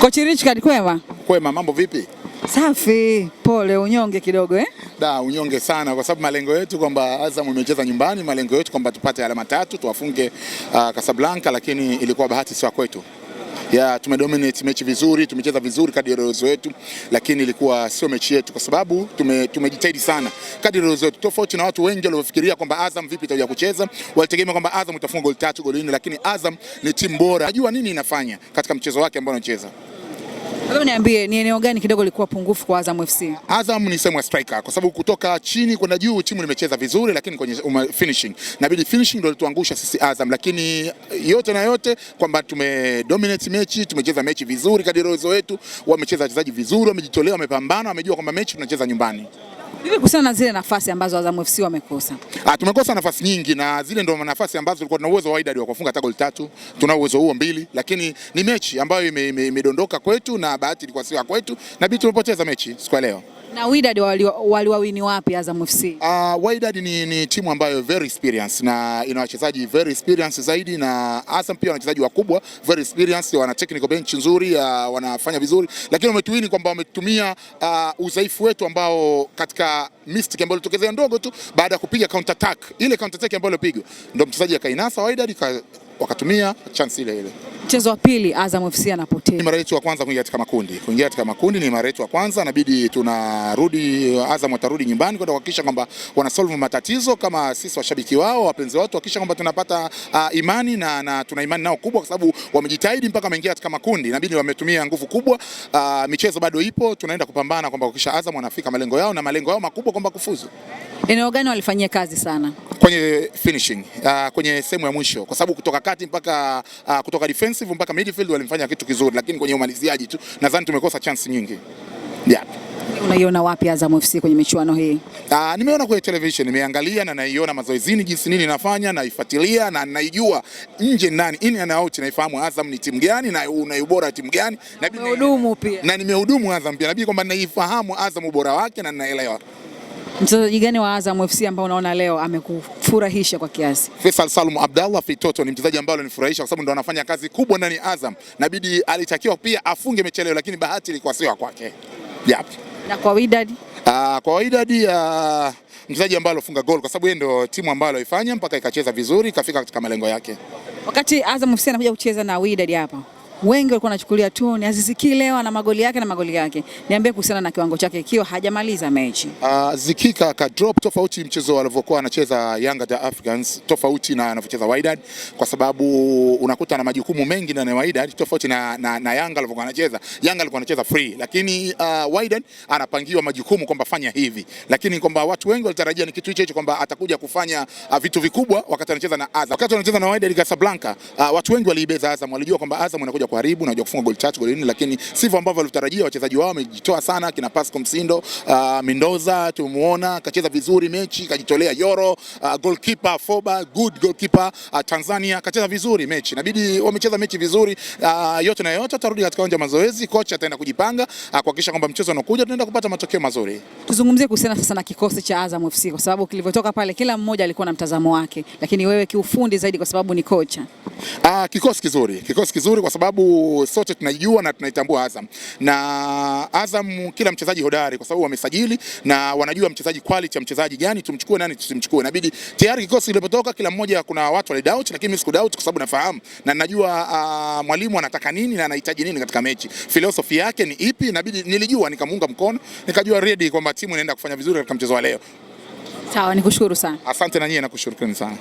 Kochi Richard kwema? Kwema, mambo vipi? Safi, pole unyonge kidogo eh? Da, unyonge sana kwa sababu malengo yetu kwamba Azam umecheza nyumbani, malengo yetu kwamba tupate alama tatu tuwafunge uh, Casablanca, lakini ilikuwa bahati sio kwetu. Ya, tumedominate mechi vizuri, tumecheza vizuri kadri ya uwezo wetu, lakini ilikuwa sio mechi yetu kwa sababu tume, tumejitahidi sana kadri ya uwezo wetu, tofauti na watu wengi waliofikiria kwamba Azam vipi itakuja kucheza. Walitegemea kwamba Azam itafunga goli tatu goli nne, lakini Azam ni timu bora, najua nini inafanya katika mchezo wake ambao anacheza. Lazima niambie ni eneo gani kidogo lilikuwa pungufu kwa Azam FC? Azam ni sema striker kwa sababu kutoka chini kwenda juu timu limecheza vizuri, lakini kwenye finishing nabidi finishing ndio lituangusha sisi Azam, lakini yote na yote kwamba dominate mechi, tumecheza mechi vizuri kadiri uwezo wetu wamecheza wachezaji vizuri, wamejitolea, wamepambana, wamejua kwamba mechi tunacheza nyumbani. Vipi kuhusiana na zile nafasi ambazo Azam FC wamekosa? Ah, tumekosa nafasi nyingi na zile ndio nafasi ambazo tulikuwa tuna uwezo wa idadi wa kufunga hata goli tatu, tuna uwezo huo mbili, lakini ni mechi ambayo imedondoka ime, ime kwetu na bahati ilikuwa sio kwetu na bidi tumepoteza mechi siku ya leo. Na Wydad waliwawini wapi Azam FC? Uh, ah, Wydad ni, ni timu ambayo very experience na ina wachezaji very experience zaidi, na Azam pia wana wachezaji wakubwa very experience, wana technical bench nzuri, uh, wanafanya vizuri, lakini wametuwini kwamba wametumia uh, udhaifu wetu ambao katika mistake ambayo ilitokezea ndogo tu baada ya kupiga counter attack, ile counter attack ambayo ilipigwa ndio mchezaji akainasa Wydad wakatumia chance ile ile mchezo wa pili Azam FC anapotea. Ni mara yetu ya kwanza kuingia katika makundi. Kuingia katika makundi ni mara yetu ya kwanza, inabidi tunarudi, Azam watarudi nyumbani kwenda kuhakikisha kwamba wanasolve matatizo kama sisi washabiki wao, wapenzi wao, tuhakikisha kwamba tunapata uh, imani na, na tuna imani nao kubwa kwa sababu wamejitahidi mpaka wameingia katika makundi, inabidi wametumia nguvu kubwa. Uh, michezo bado ipo, tunaenda kupambana kwamba kuhakikisha Azam wanafika malengo yao na malengo yao makubwa kwamba kufuzu. Eneo gani walifanyia kazi sana? kwenye finishing uh, kwenye sehemu ya mwisho kwa sababu kutoka kati mpaka uh, kutoka defensive mpaka midfield walimfanya kitu kizuri, lakini kwenye umaliziaji tu nadhani tumekosa chance nyingi yeah. Unaiona wapi Azam FC kwenye michuano hii? Ah, nimeona kwenye television, nimeangalia na naiona mazoezini jinsi nini nafanya, naifuatilia na naijua nje ndani, in and out, naifahamu Azam ni timu gani na una ubora wa timu gani na nimehudumu pia na nimehudumu Azam pia, nabii kwamba naifahamu Azam ubora wake na ninaelewa Mchezaji gani wa Azam FC ambao unaona leo amekufurahisha kwa kiasi? Faisal Salum Abdallah Fitoto ni mchezaji ambaye alinifurahisha kwa sababu ndo anafanya kazi kubwa ndani ya Azam. Nabidi alitakiwa pia afunge mechi leo, lakini bahati ilikuwa sio kwake. Yep. Na kwa Wydad? Uh, kwa Wydad uh, mchezaji ambaye alifunga goal kwa sababu yeye ndo timu ambayo alifanya mpaka ikacheza vizuri ikafika katika malengo yake. Wakati Azam FC anakuja kucheza na Wydad hapa wengi walikuwa wanachukulia tu ni Aziz Ki leo ana magoli yake na magoli yake. Niambie kuhusiana na kiwango chake ikiwa hajamaliza mechi. Aziz Ki uh, ka drop tofauti mchezo alivyokuwa anacheza Yanga the Africans tofauti na anavyocheza Wydad, kwa sababu unakuta na majukumu mengi na Wydad tofauti na, na, na Yanga alivyokuwa anacheza. Yanga alikuwa anacheza free, lakini uh, Wydad anapangiwa majukumu kwamba fanya hivi, lakini kwamba watu wengi walitarajia ni kitu hicho hicho kwamba atakuja kufanya uh, vitu vikubwa wakati anacheza na Azam. Wakati anacheza na Wydad Casablanca, uh, watu wengi waliibeza Azam, walijua kwamba Azam anakuja kuharibu na kufunga goli tatu goli nne, lakini sivyo ambavyo walitarajia. Wachezaji wao wamejitoa sana, kina Pascal Msindo, uh, Mendoza tumuona kacheza vizuri mechi, kajitolea Yoro, uh, goalkeeper Foba, good goalkeeper uh, Tanzania kacheza vizuri mechi, inabidi wamecheza mechi vizuri uh, yote na yote. tarudi katika uwanja mazoezi, kocha ataenda kujipanga uh, kuhakikisha kwamba mchezo unakuja tunaenda kupata matokeo mazuri. Tuzungumzie kuhusiana sasa na kikosi cha Azam FC kwa sababu kilivyotoka pale kila mmoja alikuwa na mtazamo wake, lakini wewe kiufundi zaidi kwa sababu ni kocha. Uh, kikosi kizuri, kikosi kizuri kwa sababu sababu sote tunajua na tunaitambua Azam na Azam kila mchezaji hodari, kwa sababu wamesajili na wanajua mchezaji quality ya mchezaji gani tumchukue nani tusimchukue. Inabidi tayari kikosi kilipotoka, kila mmoja kuna watu wale doubt, lakini mimi siku doubt kwa sababu nafahamu na najua uh, mwalimu anataka nini na anahitaji nini katika mechi, philosophy yake ni ipi. Inabidi nilijua nikamuunga mkono, nikajua ready kwamba timu inaenda kufanya vizuri katika mchezo wa leo. Sawa, nikushukuru sana. Asante na nyie, nakushukuru sana.